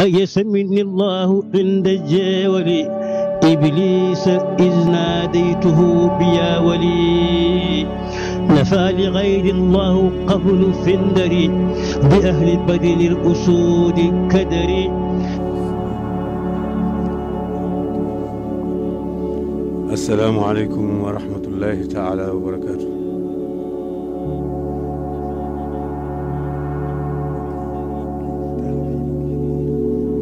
أيسمني الله عند جاولي إبليس إذ ناديته بيا ولي نفى لغير الله قبل فندري بأهل بدن الأسود كدري السلام عليكم ورحمة الله تعالى وبركاته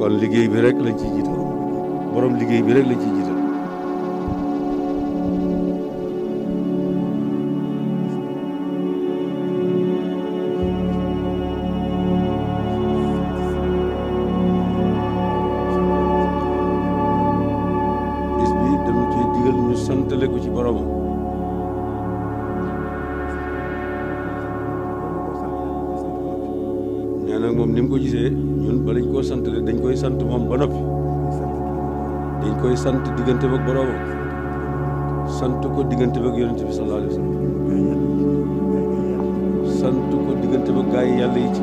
kon liggéey bi rek lañ ci jiital borom liggéey bi rek lañ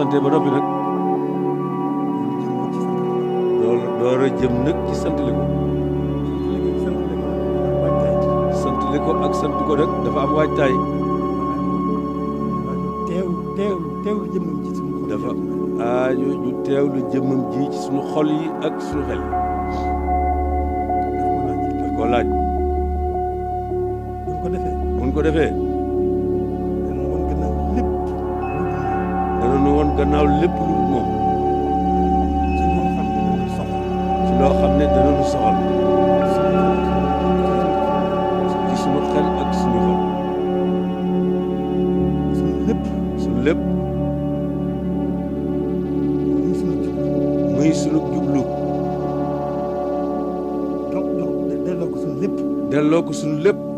sante ba noppi nag loolu door a jëm nag ci santale ko santale ko ak sant ko nag dafa am waajtaay teew teew teewlu jëmmam ji ci suñu dafa aajo ñu teewlu jëmmam ji ci suñu xol yi ak suñu xel yi daf ko laaj daf ko laaj buñ ko defee buñ ko defee gannaaw lépp lu moom ci loo xam xel ak suñu xol suñu lépp suñu lépp muy suñu jublu muy suñu jublu lépp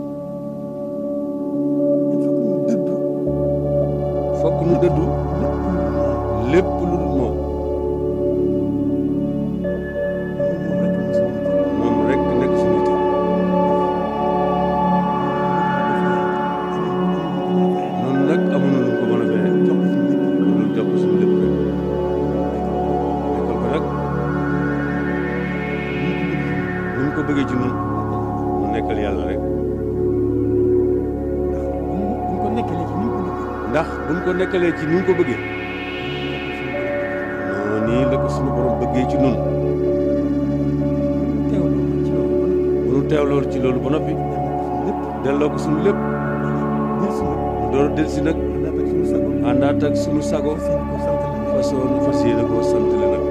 matalee ci ni ñu ko bëggee noonu la ko suñu borom bëggee ci nun bu nu teew loolu ci loolu ba noppi delloo ko suñu lépp mu door a delsi nag àndaat ak suñu sago façon fas yéene koo sant la nag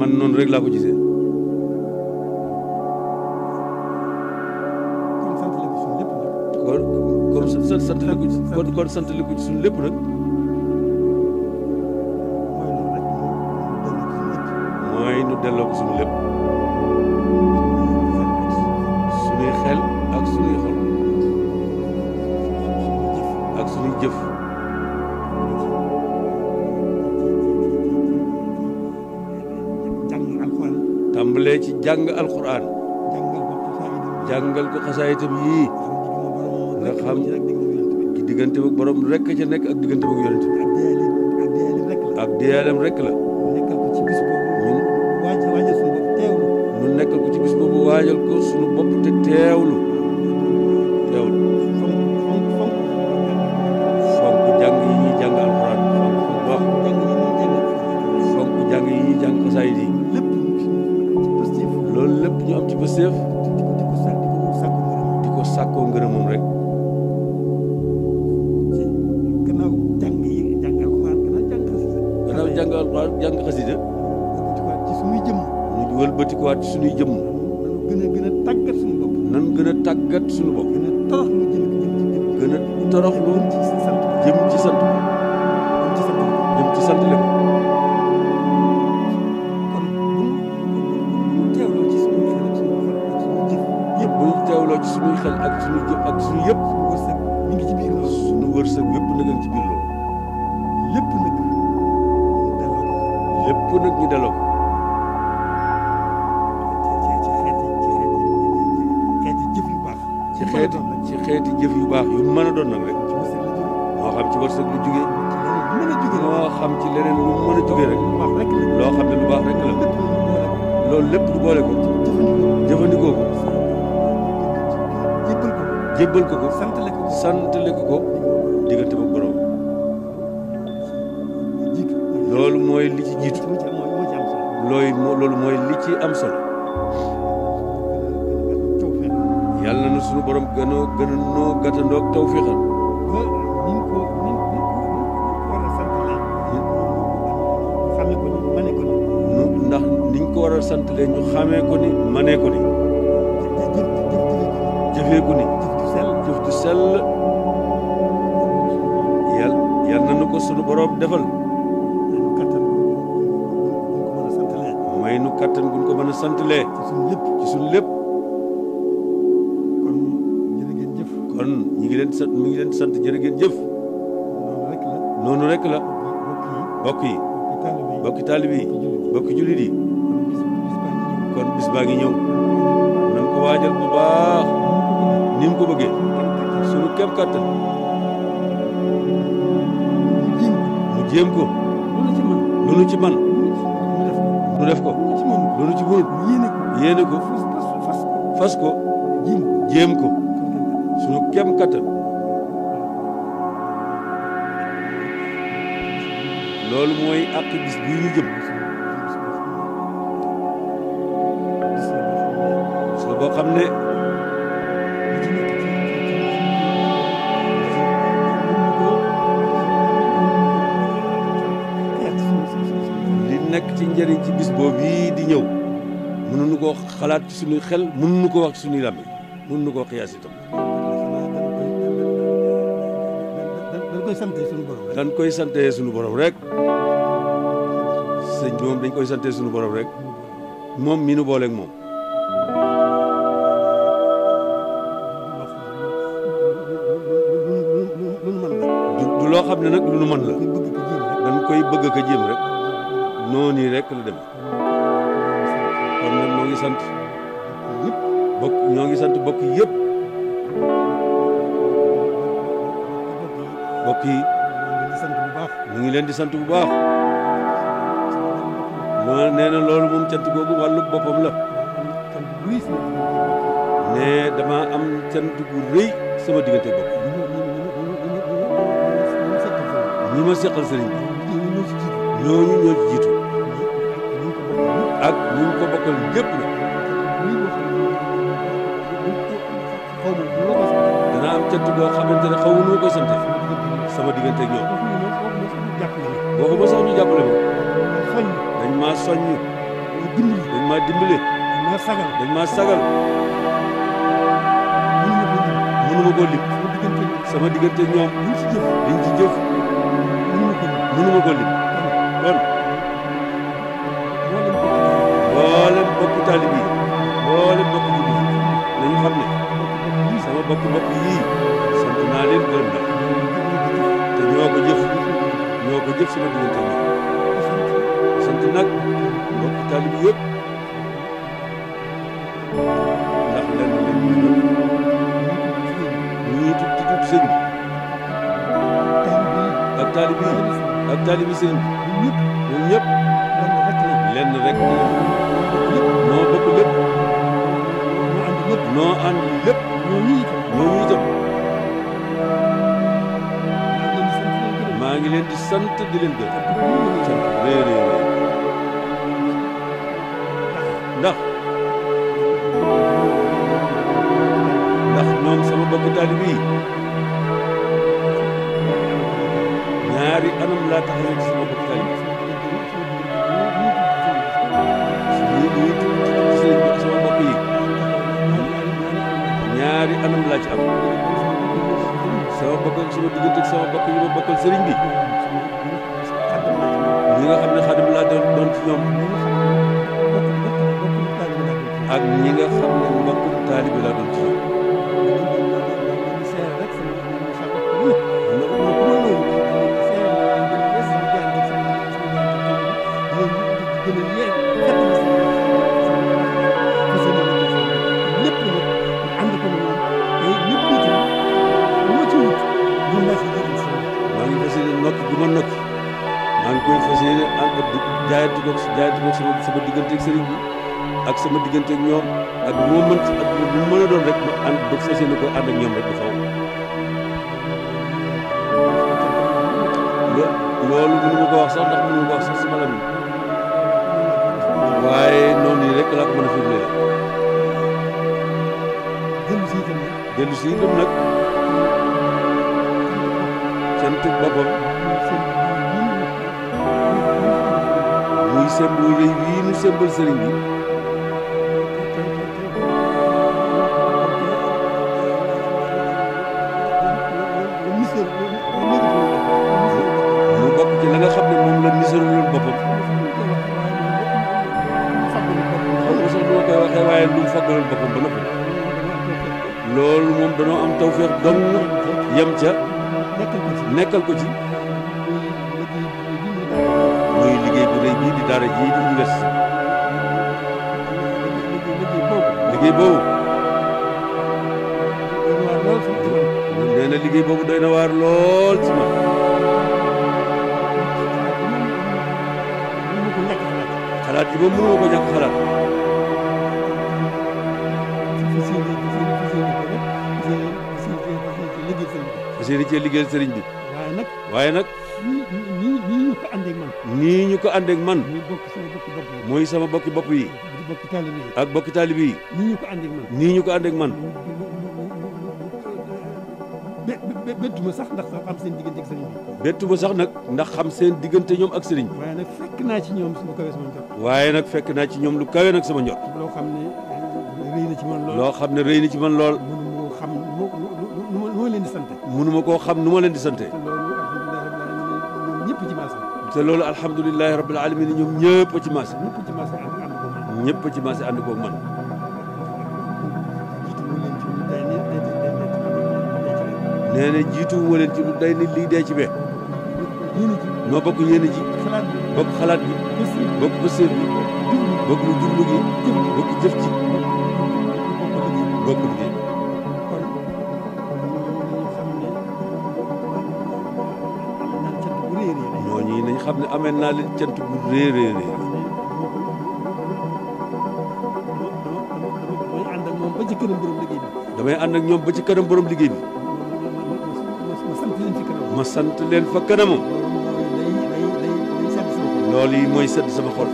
man noonu rek laa ko gisee la ko ci kon kon sant la ko tàmbalee ci jàng alxuraan. jàngal ko xasaayitam yii diggante borom rekk ca nekk ak diggante boog yonent bi. ab DLM rek rek la. good xeeti jëf yu baax yu mën a doon nag rek xam ci wërsëg lu jugee mën a juge moo xam ci leneen lu mën a jugee rek loo baax rek loolu lépp du boole ko jëfandikoo ko jébbal ko ko santale ko ko diggante ba borom loolu mooy li ci jiitu loolu mooy li ci am solo suñu borom gën a gën a ndax niñ ko war a santalee ñu xamee ko ni mënee ko ni. jëfee ko ni. jëf du sell jëf du sell. yàlla yàlla na nu ko suñu borom may nu kattan guñ ko mën a ci suñu lépp ci suñu lépp. sant mi ngi leen sant jërë ngeen jëf. noonu rek la. noonu rek bokki taalibe bokki jullit yi kon bis baa ngi ñëw ko waajal bu baax ni ko bëggee sunu kéem kattan mu jéem ko lu ci man nu def ko lu nu ci mënut yéene ko fas ko jéem ko sunu kéem kattan loolu mooy àq bis bi ñu jëm parce que boo xam ne li nekk ci njëriñ ci bis boobu yi di ñëw mënuñu ko xalaat ci suñuy xel mënuñu ko wax ci suñuy làmmiñ mënuñu koo xiyaas koy sante santai borom dañ koy sante suñu borom rek sëñ bi moom dañ koy sante suñu borom rek moom mi nu booleeg moom du loo xam ne lu nu mën la dañ koy bëgg ka rek rek la dem kon ngi sant ñoo ngi sant bokk yëpp mbokk mu ñu ngi leen di sant bu baax moo nee na loolu moom cant googu wàllu boppam la ne dama am cant gu rëy sama diggante bopp ñi ma seqal sëriñ bi ñooñu ñoo ci jiitu ak ñu ko bokkal gépp la danaa am cant goo xamante ne xaw nu ma koy sante sama diggante ak boko ba sax ñu jàppale ma dañ maa soññ dañ maa dimbale dañ maa sagal ko sama diggante ak ñoom liñ ci jëf ko kon sama bokk bokk yii sant naa leen ñoo ko jëf nag mbokk taalib yëpp ndax lenn lañ ñuy tudd ci ak taalib yi ak taalib yi sëñ bi ñëpp ñoom sant di nyari gërëm sant réer réer ndax ndax ñoom sama bokk taalibe ñaari anam laa taxawee ci sama ñaari anam ci am sama bokkal sama diggante sama bokk yi ma bokkal sëriñ bi ñi nga xam ne xadim laa doon ci ñoom ak ñi nga xam ne mbokkum taalibi laa doon ci ñoom koy fas yéene ànd ko jaayantu ko sama sama diggante ak sëriñ bi ak sama diggante ak ñoom ak ak mu a doon rek ma ànd ko ànd ak ñoom ko ma sama lam waaye ko a firndeel dellu si itam nag cantuk boppam semb wéy wii nu sembal sëriñ bi mu bokk ci la nga xam ne moom la miséroloon boppam xam nga sax duma koy waxee waaye lu mu faggaloon boppam ba noppi loolu moom danoo am tawfeex dong yem ca nekkal ko ci Yiğit idare, yiğit üniversitesi. Liggéey boobu. nee na liggéey boobu doy na waar lool ci ma. xalaat yi ba mënuma ko ñàkk xalaat. fas yéene cee liggéeyal sëriñ bi. waaye nag. andek man ni ñu ko andek man moy sama bokki bop yi ak bokki talibi ni ñu ko andek man ni ñu ko andek man bettuma sax ndax xam seen digënté ak sëriñ bi bettuma sax nak ndax xam seen digënté ñom ak sëriñ bi waye nak fekk na ci ñom sama kawé sama njot waye nak fekk na ci ñom lu kawé nak sama njot lo xamné reey na ci man lool lo xamné reey na ci man lool mënu xam nu ma leen di santé mënu ma xam nu ma leen di santé te loolu alhamdulilahi rabbil alamin ñoom ñëpp ci maase ñëpp ci maase ànd koog man nee na jiitu wu leen ci lu day ni lii dee ci be noo bokk yéene ji bokk xalaat bi bokk bëseer bi bokk lu jublu gi bokk jëf ci bokk liggéey xam ne amee naa leen cant bu réer réer damay ànd ak ñoom ba ci kanam borom liggéey bi. ma sant leen fa kanamam. loolu yi mooy sedd sama xol.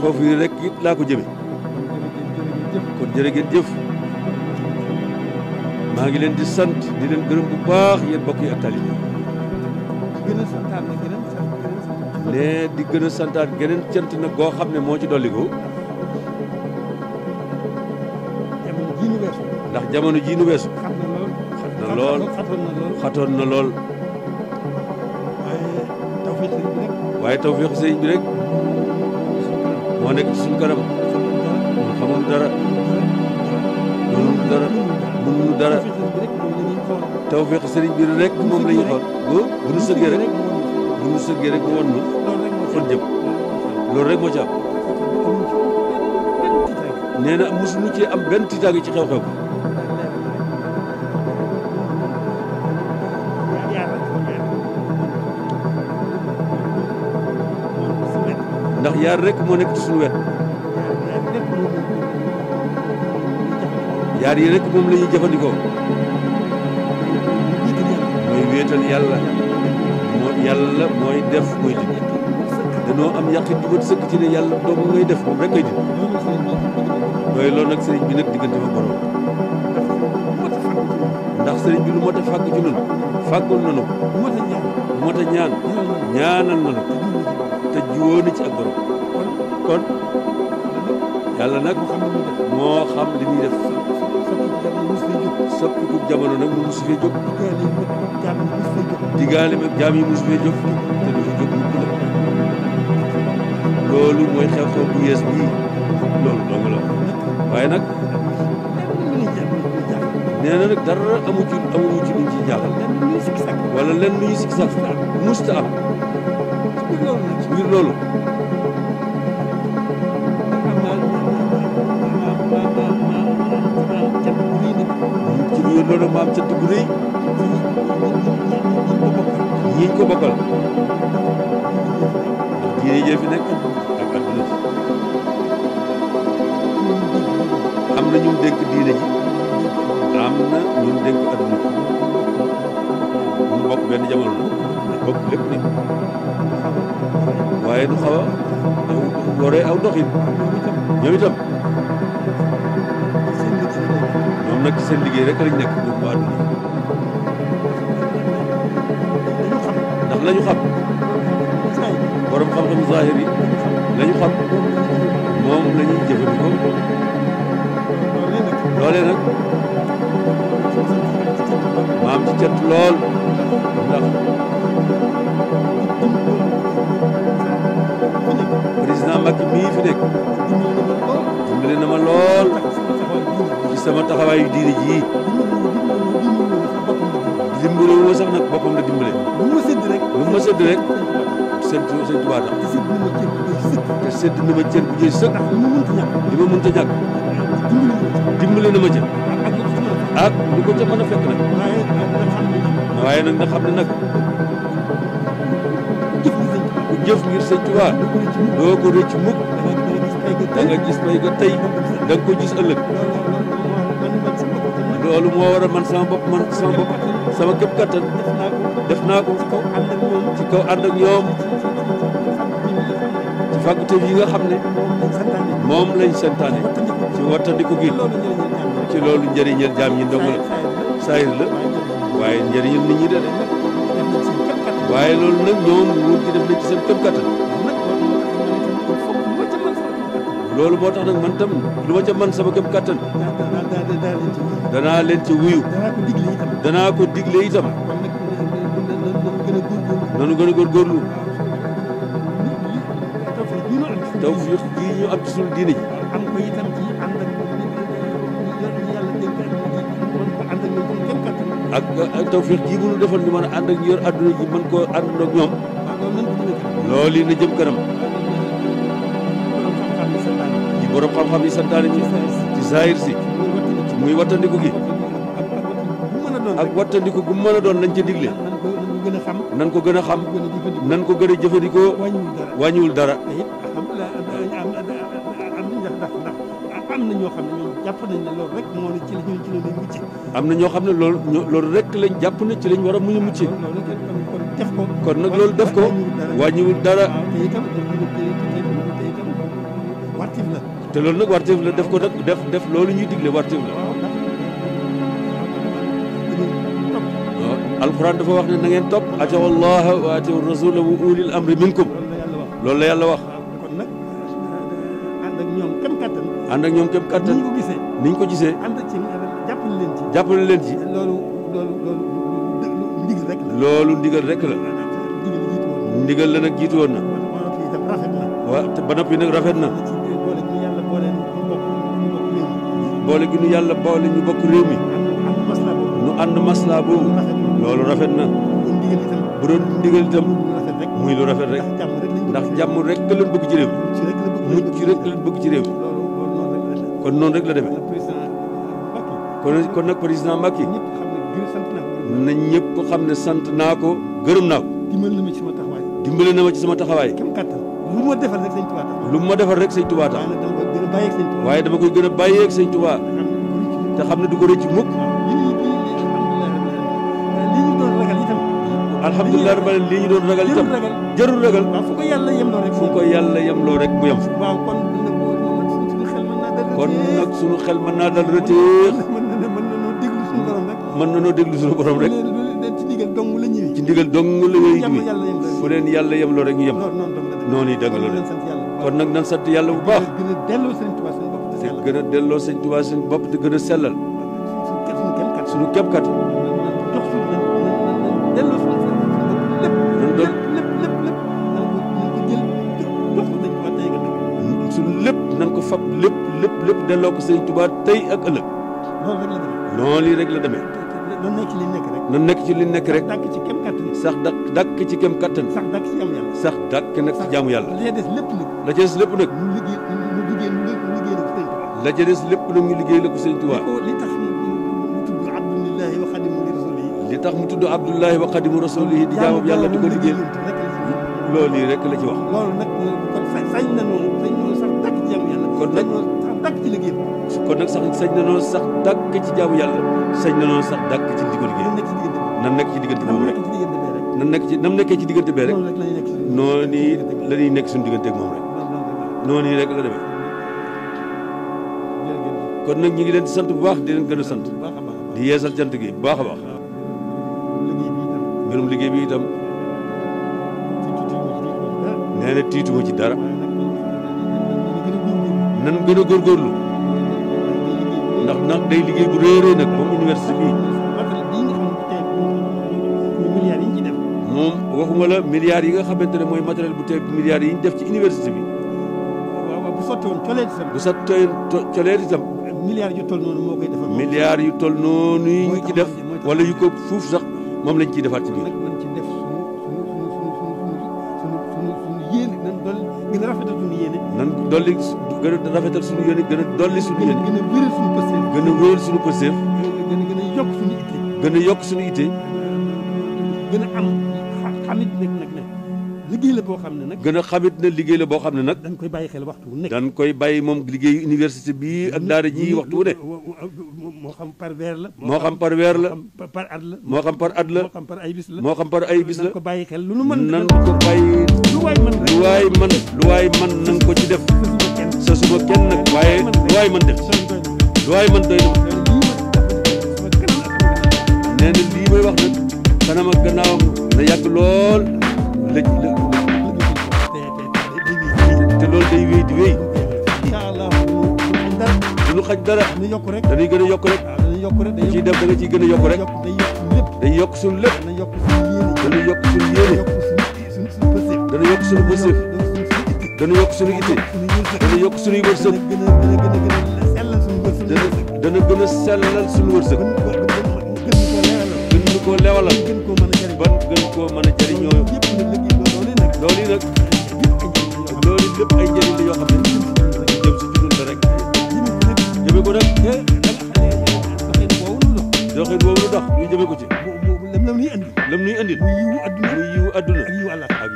foofu yi rek it laa ko jëme kon jërëngeen jëf. maa ngi leen di sant di leen gërëm bu baax yéen bokk ak taalibe ne di gën a santaat geneen cant na goo xam ne moo ci dolliku. jamono jii nu weesu. ndax jamono jii nu weesu. xat na lool xatoon na lool waaye tawféexu sëriñ bi rek. moo nekk ci suñu kanam. moom la ñuy xool bu bu nu rek. bu ñu ci am nee na mosuñu ci xew-xew bi ndax yaar rek moo nekk ci suñu wet yaar yi rek moom la jëfandikoo mooy wéetal yàlla yàlla mooy def mooy dindi danoo am yàqin bu sëkk ci ne yàlla doomu ngay def moom rek ngay dindi mooy loolu nag sëriñ bi nag diggante fa borom ndax sëriñ bi lu mot a fàgg ci noonu fàggul nanu mot a ñaan ñaanal nanu te juwoon ci ak borom kon yàlla nag moo xam li muy def soppiku jamono nag mu musu fee jóg digaale mag jaam yi musu fee jóg te du fi jóg mukk la loolu mooy xew-xew bu yees bii loolu dong la waaye nag nee na nag dara amu ci amu ci luñ ci jaaxal wala lenn lu ñu sikki sàkk musta am ci biir loolu loolu ma am cant bu rëy ñiñ ko bokkal ndax diine jee fi nekk ak adduna ji am na ñun dénk diine ji am na ñun dénk adduna ji ñu benn jamono la bokk lépp nag waaye du xaw a waree aw doxin ñoom itam nag seen liggéey rek lañ nekk ñoom waa àdduna ndax la ñu borom xam-xam zahir yi la moom la ñuy jëfandikoo loolee nag maam ci cet lool ndax président Macky mii fi nekk ma lool ci sama taxawaayu diine ji dimbale wu ma nag boppam la dimbale. bu ma sëdd rek bu ma sëdd rek te sëdd na ma cër bu jëy sëkk. li ma mënta ñàkk. dimbale na ma ca. ak lu ko ca mën a fekk nag. waaye nag nga xam ne nag. ku jëf ngir sëñ Tuubaa ko rëcc mukk da gis pay ga tey da ko gis ëllëg. loolu moo war a man sama bopp man sama bopp sama kattan def naa ko ci kaw ànd ak ñoom ci fàggute yi nga xam ne moom lañ santaane ci wattandiku gi ci loolu njëriñal jaam ñi ndong la saayir la waaye njëriñal nit ñi waaye loolu nag ñoom nguur gi def na ci seen képp kattan loolu moo tax nag man tam lu ma ca man sama képp kattan danaa leen ci wuyu danaa ko digle itam nanu gën a góorgóorlu ak tawfiq ji bu ñu defoon ñu mën a ànd ak ñu yor àdduna ji mën koo ànd ñoom loolu yi na jëm kanam yi borom xam-xam yi santaane ci saayir si muy wattandiku gi ak wattandiku gu mën a doon lañ ca digle nan ko gën a xam nan ko gën a jëfandikoo wàññiwul dara am na ñoo xam ne ñoom jàpp nañ ne loolu moo ne am na ñoo xam ne loolu loolu rek lañ jàpp na ci lañ war a muñ a mucc. def ko kon nag loolu def ko wàññiwul dara. te loolu nag warteef la def ko nag def def loolu ñuy digle warteef la. alquran dafa wax ne na ngeen topp atiwu allaha wa atiwu rasula wa ulil amri minkum loolu la yàlla wax ànd ak ñoom képp kattan ni ñu ko gisee jàppale leen ci loolu ndigal rek la ndigal la nag jiitu woon na waaw te ba noppi nag rafet na boole gi nu yàlla boole ñu bokk réew nu ànd maslaa boobu loolu rafet na bu doon muy lu rafet rek ndax jàmm rek la ñu bëgg ci réew mi mucc rek la bëgg ci réew mi kon noonu rek la demee kon kon nag président Macky na ñëpp xam ne sant naa ko gërëm naa ko dimbale na ma ci sama taxawaay na ma ci taxawaay lu ma defal lu ma defal rek sëñ Touba waaye dama koy gën a bàyyeeg sëñ te xam ne du ko rëcc mukk alhamdulilah rabbil alamin lii ñu doon ragal itam jarul ragal waaw fu ko yàlla yem loo rek bu yem fa waaw kon nag suñu xel mën naa dal rëteex mën nañoo déglu suñu borom rek ci ndigal dong la ñuy ci ndigal dong la ñuy fu leen yàlla yemloo rek ñu yem noonu yi danga loolu kon nag nan sant yàlla bu baax te gën a delloo sëñ Tuubaa seen bopp te gën a sellal suñu képp kat fab lépp lépp lépp delloo ko sëñ Tuubaa tey ak ëllëg. noonu lii rek la demee. noonu rek na nekk ci li nekk rek. na nekk ci li nekk rek. dàkk ci kem kattan. sax dàkk dàkk ci kem kattan. sax dàkk ci jaamu yàlla. sax dàkk nag ci jaamu yàlla. la ca des lépp nag. la ca des lépp nag. mu lépp nag ñu liggéey la ko sëñ Tuubaa. li tax mu tudd Abdullahi wa Xadimu Rasulihi. li tax mu tudd Abdullahi wa di jaamu yàlla di ko liggéey loolu yi rek la ci wax. kon nag sax dàkk ci liggéey kon nag sax sañ na noo sax dàkk ci jaamu yàlla sañ na noo sax dàkk ci di ko liggéey nan nekk ci diggante boobu ci nam nekkee ci diggante bee rek noonu la ñuy nekk suñu diggante ak moom rek noonu rek la demee kon nag ñi ngi leen di sant bu baax di leen gën a sant di yeesal jant gi baax a baax mbirum liggéey bi itam nee na tiituma ci dara nan gën a góorgóorlu ndax nak day liggéey bu réeree nak moom université bii moom waxuma la milliards yi nga xamante ne mooy matériel bu tey milliards yi ñu def ci université bi. waaw bu sotti woon coleet itam. bu sotti woon coleet itam. milliards yu toll noonu moo koy defar. milliards yu toll noonu yi ñu ci def. wala yu ko fuuf sax moom lañ ciy defaat ci biir. dolli gën a rafetal suñu yéene gën a dolli suñu yéene gën a wéral suñu pëseef gën a wéral suñu pëseef gën a gën yokk suñu ite gën a yokk suñu itte gën a liggéey la boo xam ne gën a xamit na liggéey la boo xam ne nag dañ koy bàyyi xel waxtu wu nekk dañ koy bàyyi moom liggéey université bii ak daara ji waxtu wu ne moo xam par weer la moo xam par weer la par at la moo xam par at la moo xam par la moo xam par ay bis ko bàyyi xel lu nu mën nan ko bàyyi lu waay mën lu waay mën lu waay mën nan ko ci def sa suma kenn nag waaye lu waay mën def lu waay mën doy na nee na lii may wax a kanam a gannaawam na yàgg lool la la te loolu day wéy di wéy. incha allah du lu xaj dara. dañuy yokk rek dañuy gën a yokk rek. dañuy yokk rek ciy def da nga ciy gën a yokk rek. day yokk suñu lépp. dañuy yokk suñu yéene. dañuy yokk suñu bësëf. dañuy yokk suñu itte. dañuy yokk suñuy wërsëg. dana gën a sellal suñu wërsëg. gën ñu ko leewalal. ban gën koo mën a jëriñoo loolu yi nag loolu lépp ay njëriñ la yoo xam ne dañuy jëm si dund rek jëme ko nag te doxin boobu lu dox ñu jëme ko ci lam nuy andil lam nuy andil muy yiwu adduna ak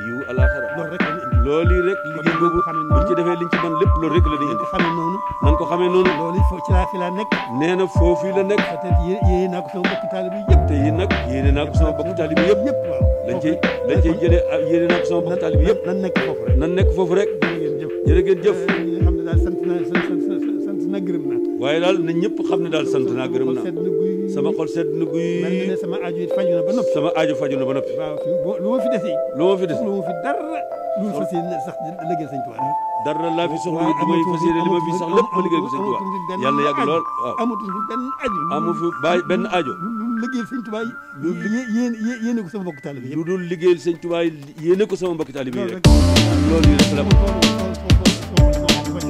yiwu àllaaxira loolu rek liggéey boobu buñ ci defee liñ ci lépp loolu rek la dañuy indi xamee noonu nan ko xamee noonu loolu foo laa fi nekk nee na foofu la nekk yéene naa ko sama bokk taalibe yi yëpp te yéen nag yéene naa ko sama bokk taalibe yi yëpp yëpp waaw lañ ciy lañ ciy jëlee ah, yéene naa ko sama bokk taalibe yi yëpp nan nekk foofu rek nan nekk foofu rek jërë ngeen jëf jërë na sant waaye daal na ñëpp xam ne daal sant naa gërëm naa sama xol sedd na guy. mel na ne sama aajo faju na ba noppi. sama aajo faju na ba noppi. waaw lu ma fi dese. lu ma fi dese lu ma fi dara. lu ma fas yéene sax liggéey sëñ Tuubaa. dara laa fi soxla li may fas yéene li ma fi sax lépp ma liggéey sëñ Tuubaa. yàlla na yàgg lool waaw amatuñu benn aajo. amu fi bàyyi benn aajo. dul liggéeyal sëñ Tuubaa yéen yéene ko sama mbokk taalibe yi lu dul liggéeyal sëñ Tuubaa yéene ko sama mbokk taalibe yi rek loolu rek la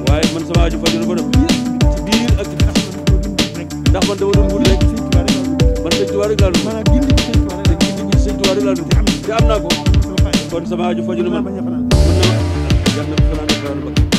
waaye man sama aju fajuna ba noppi ci biir ak ndax man dama doon wut rek man sëñ Tuubaa rek laa doon maanaam gindi ci sëñ Tuubaa rek gindi ci sëñ Tuubaa rek laa doon te am naa ko kon sama aju fajuna man mën na yàlla na fanaan fanaan ba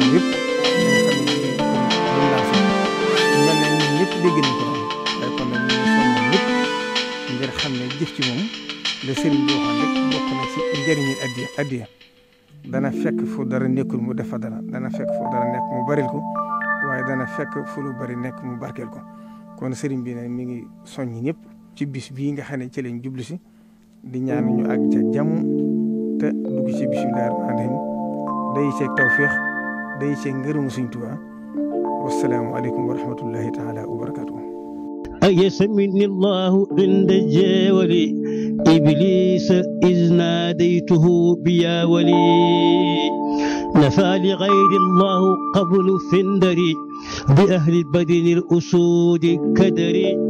yoon yëpp ñu xam ne ñu jëf ci moom la sëriñ bi waxoon rek bokk addiya addiya dana fekk fu dara nekkul mu def dara dana fekk fu dara nekk mu baril ko waaye dana fekk fu lu bari nekk mu barkeel ko kon sëriñ bi nag mi ngi soññ ñëpp ci bis bii nga xam ne ci lañ jublu si di ñaan ñu àgg ca jàmm te dugg ci bisimilah rahmaani rahiim day ceeg tawféex day ci ngërëmu Sëñ Tuubaa wassalaamu alaykum wa rahmatullahi taala wa barakatuh ay أيسمني allah inda جاول إبليس إذ ناديته بيا ولي نفى لغير الله قبل فندري بأهل بدن الأسود كدري